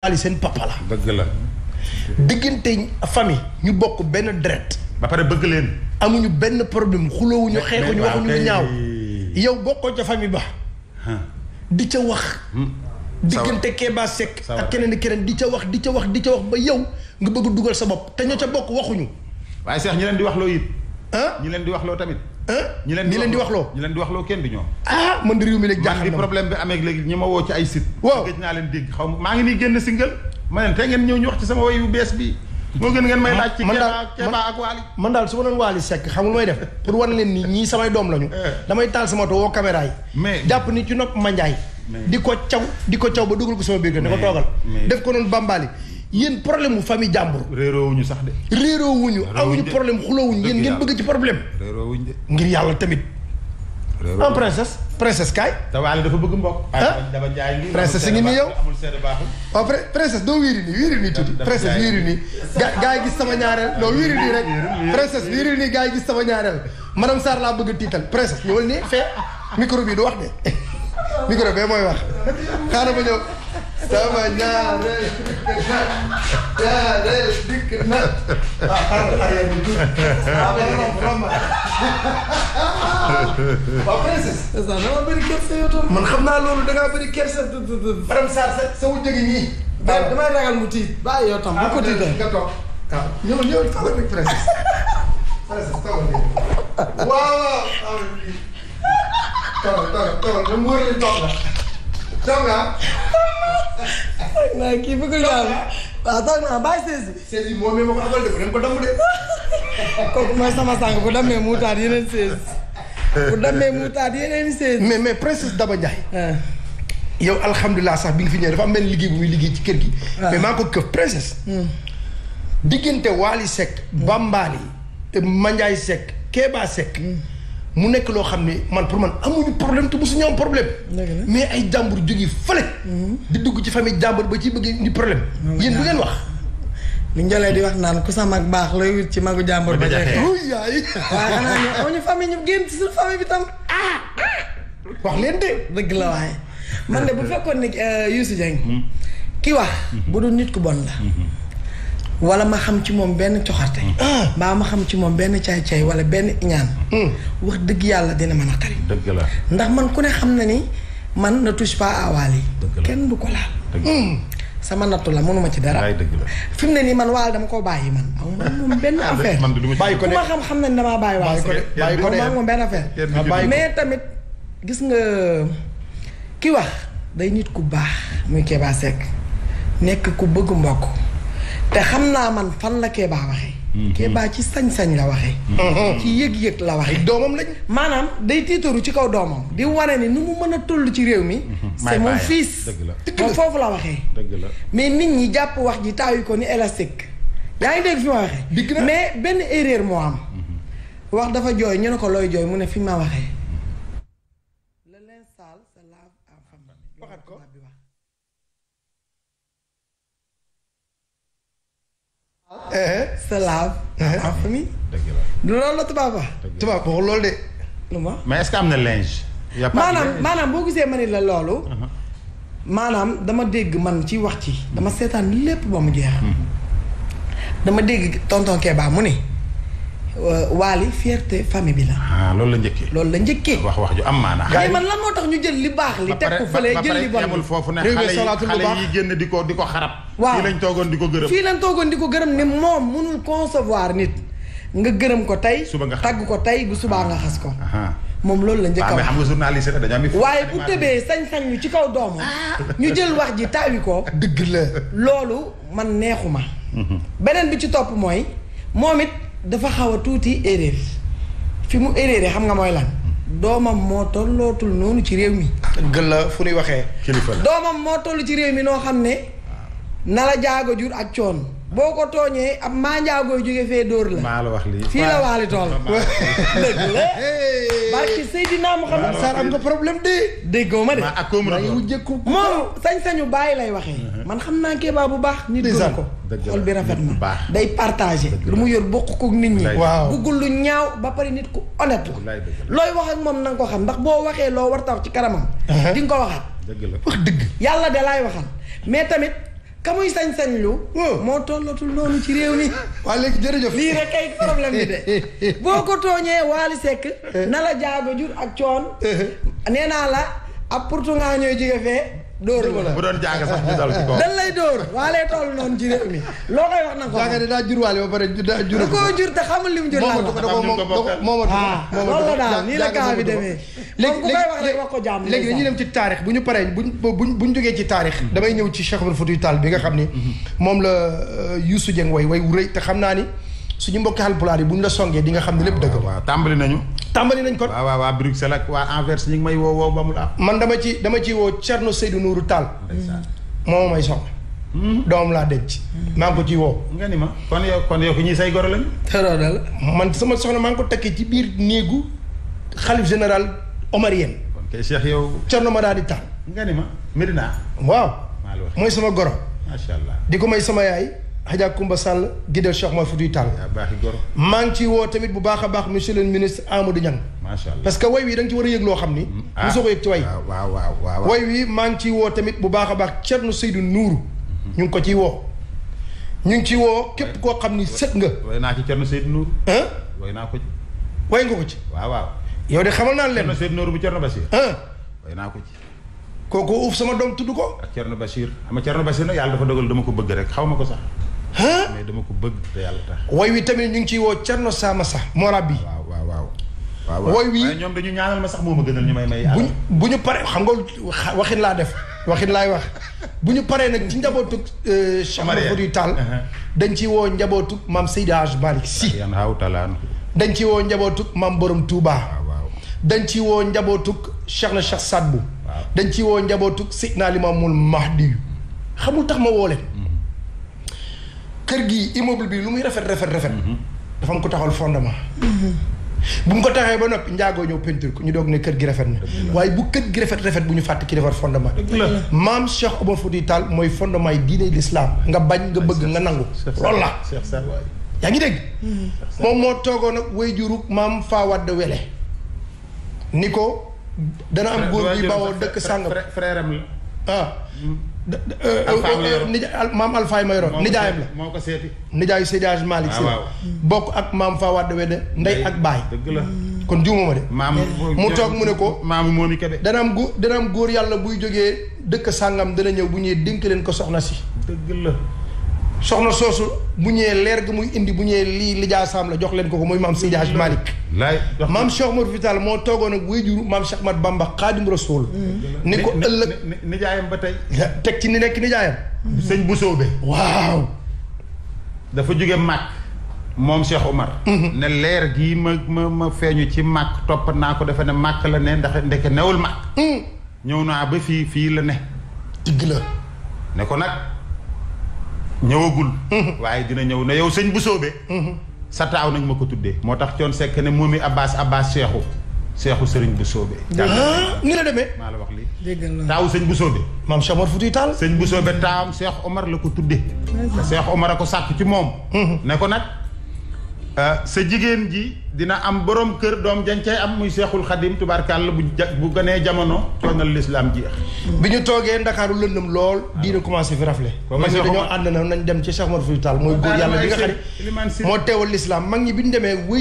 Ali seen papa la. dëgg la. diggante famille ñu bokk benn dret ba pare bëgg leen. amuñu benn problème xuloowuñu xeexuñu waxuñu lu ñaaw. yow bokkoo ca famille ba. di ca wax. Hmm. diggante Kéba Seck ak keneen ak di ca wax di ca wax di ca wax ba yow nga bëgg dugal sa bopp te ñoo ca bokk waxuñu. waaye Cheikh ñu leen di wax loo it. ah ñu leen di wax loo tamit. ñi leen di wax loo leen di wax loo kenn di ñoom ah man di réew mi léegi jaaxal na problème ma woo ci ay site waaw gëj ma maa ngi nii génn single ma leen te ngeen ñëw ñu wax ci sama woy bees bi moo gën ngeen may ah, laaj ci Keba ak Waly man daal su ma doon Waly Seck xamul may def pour wan leen ni ñii samay doom lañu eh. damay taal sama to woo caméra yi mais jàpp ni ci nopp manjaay di ko caw di ko caw ba dugal ko sama biir ne ko toogal def ko noonu bambali yéen problème mu famille jàmbur. réeroo wuñu sax de. réeroo wuñu amuñu problème xuloo wuñu yéen ngeen bëgg ci problème. réeroo wuñu de. ngir yàlla tamit. réeroo en princesse princesse kaay. tawaale dafa bëgg mbokk. Ah? dafa jaay lii princesse ngi nii yow amul seede baaxul. waaw oh, princesse doo wiiri nii wiiri nii tuuti. princesse wiiri nii. gaa gis sama ñaareel non wiiri nii rek. princesse wiiri nii gaa gis sama ñaareel. madame Sarr laa bëgg a tiital princesse ñëwal nii fee micro bi du wax de micro bee mooy wax xaaral ma ñëw سما نار الذكر نار الذكر نار أحرقها يا بدون با برنسس زعما بري كارثة من خمنا لولو داك بري كارثة فرم سار سوي دغني دما راغال موتي با يا تام بو كوتي دا نيو نيو تاول بك برنسس برنسس تاول واو واو تاول تاول تاول نمر تاول تاول naa kii bëgg naa waaw toog naa bàyyi sées bi. sées bi moom ma ko abal de ko dem ko damm de. kooku mooy sama sàng bu demee mu yeneen sées. mais mais princesse Daba Ndiaye. Ah. yow alhamdulilah sax bi nga fi ñëwee dafa am benn liggéey bu muy liggéey ci kër gi. Ah. mais maa ko këf princesse. Hmm. diggante Waly Seck. Hmm. Bambaali. Mandiaye Seck Kéba Seck. Hmm. mu nekk loo xam ne man pour man amuñu problème te mosuñu am problème. mais ay jàmbur jógee fële. di dugg ci famille jàmbat ba ci bëgg indi problème yéen bu ngeen wax ni ñu jëlee di wax naan ku sa mag baax lay wut ci magu jàmbat ba jaxee yaay waaye xanaa ñu ñu famille ñu génn ci suñu famille bi tam ah wax leen de dëgg la waaye man de bu fekkoon ni eh, Youssou Dieng hmm. ki wax hmm. bu dul nit ku bon la hmm. wala ma xam ci moom benn coxarte mbaa ah. ma xam ci moom benn caay caay wala benn iñaan wax dëgg yàlla dina mana a xari lah. ndax man ku ne xam na ni man na touche pas à Wally kenn du ko laal hmm. sama nattu la mënuma ci dara fi mu ne nii man waal dama koo bàyyi man aw ah, moom benn affaire ku ma xam-xam nañ damaa bàyyi waal bàyyi ko de moom benn affaire mais tamit gis nga ki wax day nit ku baax muy Keba Seck nekk ku bëgg mbokk te xam naa man fan la Kéba waxee. Mhm. Kéba ci sañ-sañ la waxee. Mhm. ci yëg-yëg la waxee. doomam lañ. maanaam day tiitaru ci kaw doomam. di wane ni nu mu mën a toll ci réew mi. Mhm. c'est mon fils. moom foofu la waxee. dëgg la mais nit ñi jàpp wax ji taayu ko ni élastique. yaa ngi dégg fi ma waxee. mais benn erreur moo am. wax dafa jooy ñu ne ko looy jooy mu ne fi ma waxee. sa laaf. en eh? famille. dëgg loolu la tubaab wax. tubaab waxul loolu de. lu ma mais est-ce am na linge. maanaam maanaam boo gisee ma ni la loolu. Uh-huh. maanaam dama dégg man ci wax ci dama seetaan lépp ba mu jeex. Uh-huh. dama dégg tonton Keba mu ne. Euh, waali fierté famille bi la. Ah, loolu la njëkkee. loolu la njëkkee. wax wax ju am maanaa. xale man lan moo tax ñu jël li baax li. teg ko fële foofu ne xale yi génn di ko di ko xarab. waaw fii lañ ko gërëm. fii toogoon di ko gërëm ne moom mënul concevoir nit. nga gërëm ko tey. suba nga tagg ko tey bu subaa ah. nga xas ko. moom loolu la njëkk a xam nga journaliste dañu am waaye bu tëbee sañ-sañ ñu ci kaw doomam. Ah. ñu jël wax ji taawi ko. dëgg la loolu man neexuma mhm. beneen bi ci topp mooy moom it dafa xaw a tuuti erreur fi mu erreur xam nga mooy lan doomam moo tollootul noonu ci réew mi. gën la fu ñuy waxee. kilifa doomam moo toll ci réew mi noo xam ne. na la jaago jur ak coon. boo ko tooñee ab maa njaagoy jóge fee dóor la. maa la wax lii fii la waali tool. dëgg la. barki Seydina Muhammad nga problème de. déggoo ma de. maa ak koomu moom sañ-sañu bàyyi lay waxee. Uh-huh. man xam naa Kéba bu baax. nit dóor ko xol bi rafet na day partagé. lu mu yor bokk kook nit ñi. waaw buggul ñaaw ba pare nit ku honnête la. looy wax ak moom na ko xam ndax boo waxee loo war taw ci karamam. Uh-huh. di ko waxaat. dëgg la wax dëgg. yàlla de laay waxal mais tamit. ka muy sañ-sañ lu oh. moo tollatul noonu ci réew mi. waa léegi jërëjëf lii rek kay problème bi de boo ko tooñee Waly Seck eh. na eh. la jaago jur ak coon nee naa la ab pourtu ngaa ñooy jige fee dóoruma la bu doon jaaga sax ñu dal ci kaw. dan lay dóor waalee toll noonu ci réew mi loo koy wax na ko. jaaga de daa jur waale ba pare daa jur. da koo jur te xamul li mu jur. moomatu ko da koo ah, la kaa bi demee. léegi ku koy wax rek wax bu ñu jógee ci taarix. Hmm. damay ñëw ci Cheikh Oumar Foutiyou Tall bi nga xam ni. Hmm. moom la euh, Youssou Dieng way woy wu rëy te xam naa ni suñu mbokki Haalpulaar yi ñu la songee di nga xam ne lépp dëgg la. waaw tàmbali nañu tàmbali nañ kon waaw waaw waa Bruxelles ak waa Anvers ñu ngi may woo woo ba mu la man dama ci dama ci woo Thierno Seydou Nourou taal moom may soxla. Hmm? doom laa denc. maa ngi ko ci woo. nga ni ma kon yow kon yow ku ñu say goro lañu. xarala man sama soxna maa ngi ko takkee ci biir néegu xalif général Omarien. kon kay Cheikh yow. Thierno ma daal di Tall. nga ni ma Medina. waaw. mooy sama goro. macha allah di ko may sama yaay. Hadja Koumba Sall Guidel Cheikh Mouhamed Foutiyou Tall maa ngi ciy woo tamit bu baax a baax monsieur le ministre Amadou Niang macha allah parce que way wi da ci war a yëg loo xam ni mm. ah. mosoo ko yëg ci way waaw waaw waaw way wi maa ngi ciy woo tamit bu baax a baax Thierno Seydou Nourou mm-hmm. ñu ngi ko ciy woo ñu ngi ciy woo képp koo xam ni sët nga way naa ci Thierno Seydou Nourou ah way naa ko ci nga ko ci waaw waaw yow de xamal naa leen Thierno Seydou Nourou bu Thierno Bachir ah way naa ko ci kooku uuf sama doom tudd ko ak Thierno Bachir ama Thierno Bachir nag yàlla dafa dogal dama ko bëgg rek xaw ma ko sax mais dama ko bëgg te wi tamit ñu ngi ciy woo Thierno Sama sax morab bi. waaw waaw waaw. way wi ñoom dañu ñaanal ma sax moo ma gënal ñu may may. bu ñu bu ñu paree xam nga waxin laa def waxin laay wax bu ñu paree nag ci njabootu. Euh, Cheikh Mouhamadou Tall uh-huh. dañ ciy woo njabootu maam Seydi Hadj Malick Sy. dañ ciy woo njabootu maam Borom Touba. dañ ciy woo njabootu Cheikh na Cheikh Sadbu. dañ ciy woo njabootu Seydina Limaamul Mahdi xamul tax ma woo kër gi immeuble bi lu muy rafet rafet rafet. dafa am ko taxal fondement. bu mu ko taxee ba noppi njaagoo ñëw peinture ko ñu doog ne kër gi rafet na. waaye bu kër gi rafet rafet bu ñu fàtte ki defar fondement. maam Cheikh Omar Fouti Tall mooy fondement yi diine l'islam nga bañ nga bëgg nga nangu. loolu la yaa ngi dégg. moom moo toogoon ak wayjuru maam Fawade Wele. ni ko dana am góor gi bawoo dëkk sàngam frère am ah. Hmm. Euh, euh, euh, maam Alfaay ma yoroon nijaayam la moo ko nijaayu Seydi Hadji ah, bokk ak maam Faa Wade Wede ndey ak baay kon juumuma de mu toog mu ne ko maam moom i kebe dana am góor dana am góor yàlla buy jógee dëkk sàngam dana ñëw bu ñuy dink leen ko soxna si soxna soosu bu ñëwee leer gi muy indi bu ñëwee lii lijaasaam la jox leen ko ko muy maam Seydi Hadj Malick maam Cheikh Omar moo toogoon ak wéyjuru maam Cheikh Ahmad Bamba Xaadim Rasul mm-hmm. ni ko ëllëg nijaayam ba tey teg ci ni nekk nijaayam mm-hmm. sëñ Busoobe waaw dafa jóge màkk moom Cheikh Omar mm-hmm. ne leer gii ma ma ma feeñu ci màkk topp naa ko dafa ne màkk la ne ndax ndeke newul màkk mm. ñëw naa ba fii fii la ne digg la ne ko nag ñëwagul. Mhm. waaye dina ñëw ne yow sëñ bu soobee. Mhm. sa taaw nañ ma ko tuddee. moo tax coon sekk ne moomi Abbas Abbas Seexu seexu sëriñ bu soobee. Ah, ni la demee. maa la wax lii. dégg taawu sëñ bu soobee. maam Cheikh Omar la ko tuddee. Cheikh Omar a ko sàkk ci moom. Mhm. ne ko nag. Ah, sa jigéen ji dina am borom kër doom jancay am muy cheikhul khadim tubarkallah bu bu gëné jamono tonal l'islam jeex biñu toggé dakaru lëndum lool ah. diina commencé fi raflé parce que dañu and nañ dem ci cheikh mohamed fouital moy goor yalla bi nga xari mo téwal l'islam mag biñu démé